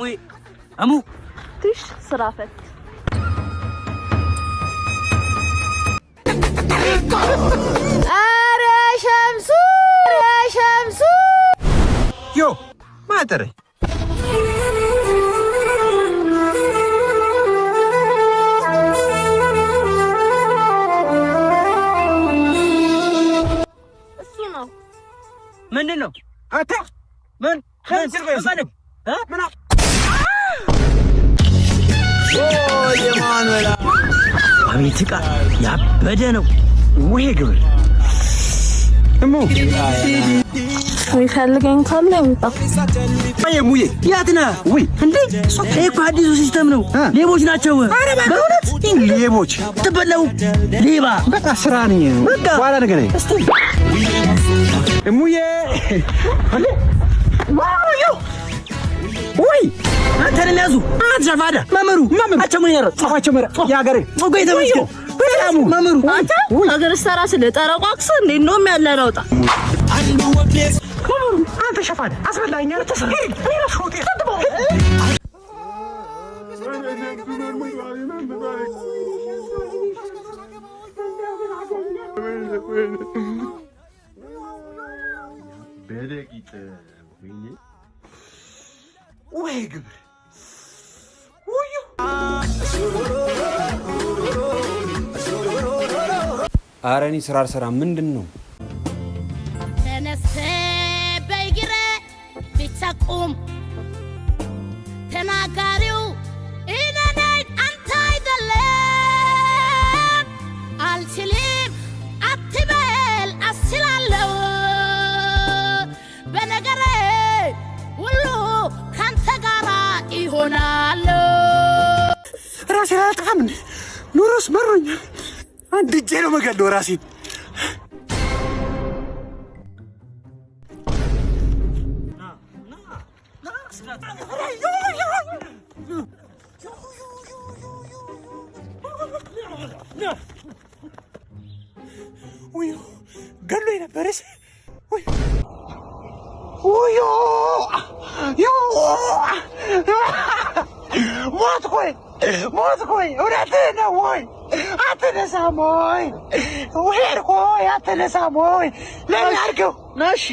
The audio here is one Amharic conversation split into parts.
اموي امو تيش صرافت ارى شمسو ارى شمسو يو ما ادري من منو؟ انت؟ من؟ من؟ من؟ ጭቃ ያበደ ነው። ውሄ ግብር የሚፈልገኝ ካለ ይምጣ። ሙዬ የት ነህ? ውይ እንዴ ይሄ እኮ አዲሱ ሲስተም ነው። ሌቦች ናቸው። በእውነት ሌቦች ትበለው። ሌባ በቃ ስራ ነኝ። በኋላ ነገር ሙዬ ወይ አንተን ያዙ አጃፋዳ መምሩ መምሩ አቸው ምን ያረጥ መረ ያገረ ጾጋ የተመስገን በላሙ መምሩ አንተ አገር ሰራ ስለ ጠረቋቅስ እንዴ ነው ያለ አንዱ ወዴስ መምሩ አንተ ሸፋዳ አስበላኛ ተሰራ እኔ ነው በደቂቅ ወይኔ ወይ ስራር ስራ አልሰራም ምንድን ነው Nurus lurus baru nya. Ada jero mega dorasi. yo, ሞት ሆይ ሞት ሆይ እውነትህን ነው ወይ? አትነሳም ወይ? ውሄድ ሆይ አትነሳም ወይ? ለምን አድርገው ናሺ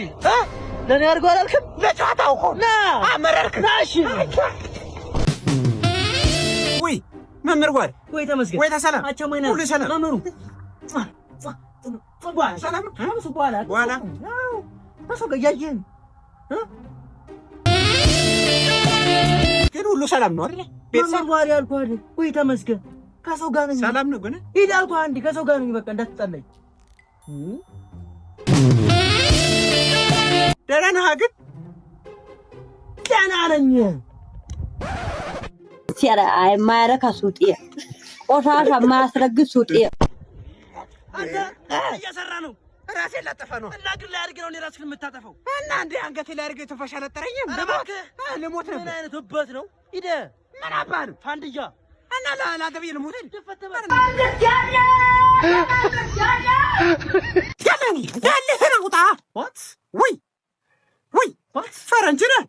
ለእኔ አድርገው አላልክም? ለጨዋታው እኮ ና አመረርክ ናሺ ወይ መምህር ጓድ ወይ ተመስገን ወይ ተሰላም ሁሉ ሰላም መምህሩ ሰላም በኋላ በኋላ ሰው ገያየን ግን ሁሉ ሰላም ነው አይደል? ቤተሰብ ማሪ አልኩህ አይደል? ወይ ተመስገን፣ ከሰው ጋር ነኝ። ሰላም ነው ግን ሂድ አልኩህ። አንዴ ከሰው ጋር ነኝ። በቃ እንዳትጠላኝ። ደህና ነህ? ግን ደህና ነኝ። ሲያራ የማያረካ ሱጤ፣ ቆሻሻ የማያስረግጥ ሱጤ እየሰራ ነው ራሴ ላጠፋ ነው እና ግን ላይ አድርጌ ነው እኔ ራስህን የምታጠፋው እና እንዴ አንገቴ ላይ አድርጌ ትንፋሽ አልጠረኝም ልሞት ልሞት ነበር ምን አይነት እበት ነው ሂደ ምን አባ ነው ፋንድያ እና ላገብዬ ልሞት ገለኒ ያለህን አውጣ ወይ ወይ ፈረንጅ ነህ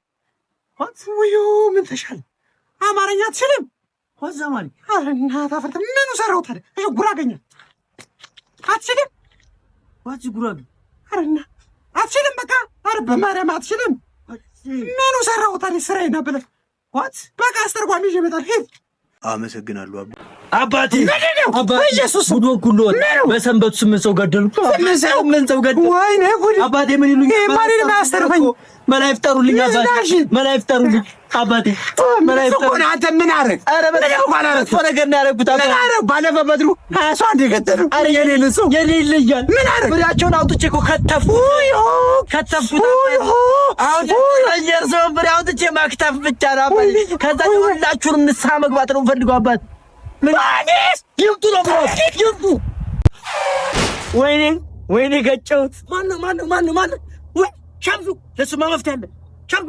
ውዩ ምን ተሻለ አማርኛ አትችልም ወዘማሪ እናት አፈርተ ምኑ ሰራው ታዲያ ጉራገኛ አትችልም ዋት ጉራቢ አረና አትችልም። በቃ አረ በማርያም አትችልም። ምኑ ሰራሁታል ስራዬና ብለህ ዋት በቃ አስተርጓሚ ይዤ እመጣለሁ። ሄድ። አመሰግናለሁ አባ አባቴ ኢየሱስ ጉድ ወኩሎ በሰንበቱ ስምንት ሰው ገደሉ። ስምንት ሰው ገደሉ። ወይኔ ጉድ! አባቴ ምን ይሉኝ? ማሪን ማስተርፈኝ መላእክት ጠሩልኝ። አባቴ መላእክት ጠሩልኝ። አባቴ መላእክት ጠሩልኝ። አንተ ምን አረግ? አረ በላይ እንኳን አረግ ሆነ ገና ያረግኩት አባ አረ ባለ በበድሩ ሀያ ሰው አንድ ይገደሉ። አረ የሌለ ሰው የሌለ እያል ምን አረግ? ብሬያቸውን አውጥቼ እኮ ከተፉ ከተፍኩ። አሁን አየር ሰው ብሬ አውጥቼ ማክተፍ ብቻ ነው አባቴ። ከዛ ሁላችሁንም ንስሐ መግባት ነው የምፈልገው አባቴ ይምጡ ነው ይምጡ። ወይኔ ወይኔ ገጨሁት። ማነው ማነው ማነው ማነው? ወይ ሸምሱ፣ ለእሱማ መፍትሄ አለ። ሸምሱ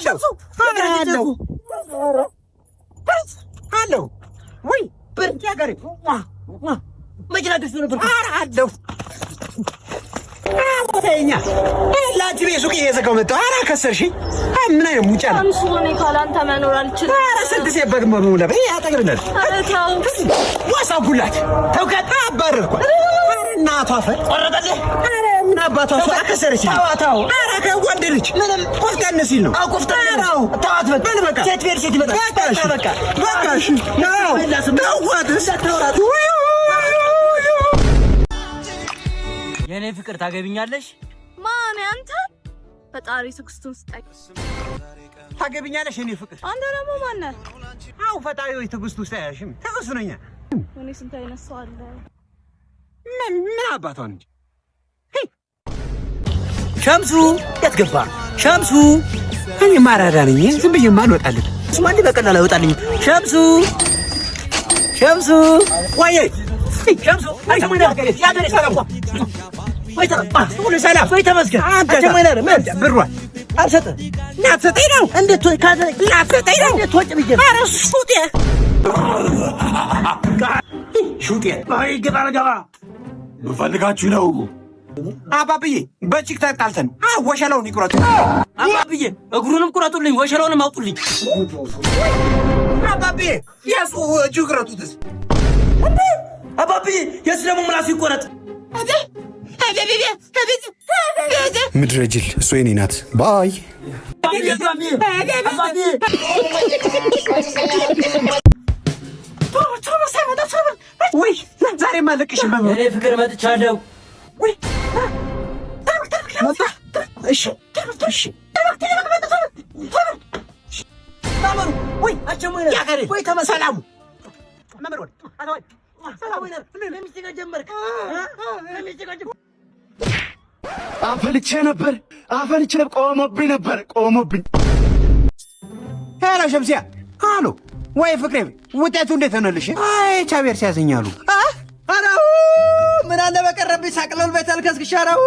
ሸምሱዬ አለው አለው ወይ ብር መኪና ደርሶ ነበር አለው ተኛ ለአንቺ ቤት ሱቅ እየዘጋው መጣሁ። ኧረ ከሰርሽኝ። ምን አይነት ሙጫ ነው? ካላንተ መኖር አልችልም። ኧረ ስንት ሴት በግ መብላት ያጠግብናል። ዋሳጉላት ተውቀጣ አባረርኳት። እናቷ ፈ ቆረጠልህ። ኧረ ምን አባቷ ፈ ከሰርሽ። ታዋታው ኧረ ከወንድ ልጅ ምንም ቆፍጠን ሲል ነው። ቆፍጠን ነው። ታዋት በቃ ሴት ቤት ሴት በቃ በቃ በቃ በቃ ነው ተዋት። የእኔ ፍቅር ታገቢኛለሽ? ማን አንተ? ፈጣሪ ትዕግስቱን ስጠኝ። ታገቢኛለሽ የእኔ ፍቅር? አንተ ደግሞ ማነ? አው ፈጣሪ ወይ ትዕግስቱ ሳያሽም ትዕግስቱ ነኛ። እኔ ስንት አይነት ሰው አለ። ምን ምን አባቷን እንጂ ሸምሱ የት ገባ? ሸምሱ እኔ ማራዳ ነኝ። ዝም ብዬ ማልወጣልኝ እሱማ እንዲህ በቀላል አይወጣልኝም። ሸምሱ ሸምሱ ዋዬ ምፈልጋችሁ ነው። አባብዬ በጭቅ ተጣልተን ወሸላውን ይቁረጡ። አባብዬ እግሩንም ቁረጡልኝ፣ ወሸላውንም አውጡልኝ። አባብዬ ያሱ እጁ ቁረጡትስ አባብዬ የእስላሙ ምላሱ ይቆረጥ። ምድረ ጅል እሱ የኔ ናት ባይ ዛሬ ማለቅሽ ፍቅር መጥቻለሁ። ሰላሙ አፈልቼ ነበር አፈልቼ ቆሞብኝ ነበር ቆሞብኝ። ሄሎ ሸምሲያ አሉ ወይ ፍቅሬ፣ ውጤቱ እንዴት ሆነልሽ? አይ ቻቤር ሲያዘኛሉ አራው ምን አለ በቀረብኝ ሳቅለል ቤት አልከስክሻ አራው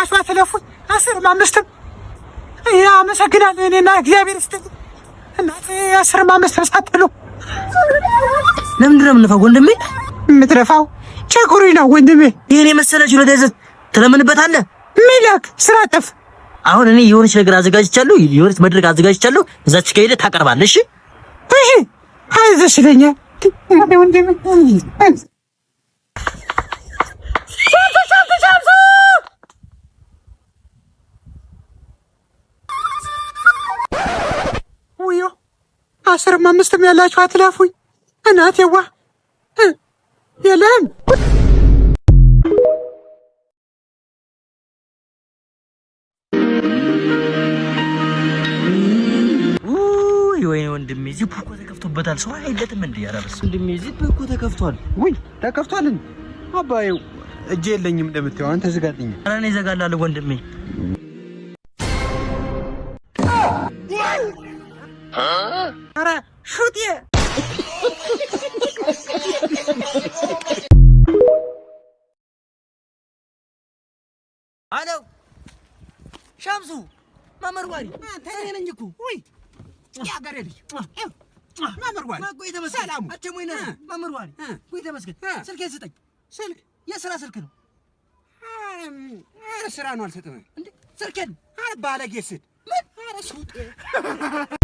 አሸዋ ተለፉኝ አስርም አምስትም አመሰግናለሁ። እኔና እግዚአብሔር ይስጥልኝ እናቴ አስርም አምስትም ሳትሉ ለምንድን ነው የምንፋው? ወንድሜ የምትለፋው ቸኩሪ ነው ወንድሜ። ይህን የመሰለ ችሎታ ይዘህ ትለምንበታለህ። ሚላክ ስራ ጠፍ አሁን እኔ የሆነች ነገር አዘጋጅቻለሁ፣ የሆነች መድረክ አዘጋጅቻለሁ። እዛች ከሄደ ታቀርባለህ። እሺ እሺ፣ አይዞሽ ይለኛል ወንድሜ አስርም አምስትም ያላችሁ አትላፉኝ። እናት የዋ የለም ወንድሜ፣ እዚህ ተከፍቶበታል። ሰው አይለትም እንዴ? ወንድሜ፣ እዚህ ተከፍቷል። ውይ ተከፍቷል። አባዬው እጄ የለኝም እንደምትይው አንተ ዝጋልኝ። ኧረ እኔ ወንድሜ ኧረ ሹጤ አለው ሸምሱ መመርዋሪ ተነኝ እኮ ወይ ያገሬ ልጅ መመርዋሪ ማቆይ ተመስገን ሰላሙ አቸሞ ይነሳ መመርዋሪ ወይ ተመስገን ስልክ ስጠኝ። ስልክ የስራ ስልክ ነው። ስራ ነው አልሰጥም እንዴ ስልኬን። ባለጌ ስል ምን ኧረ ሱጤ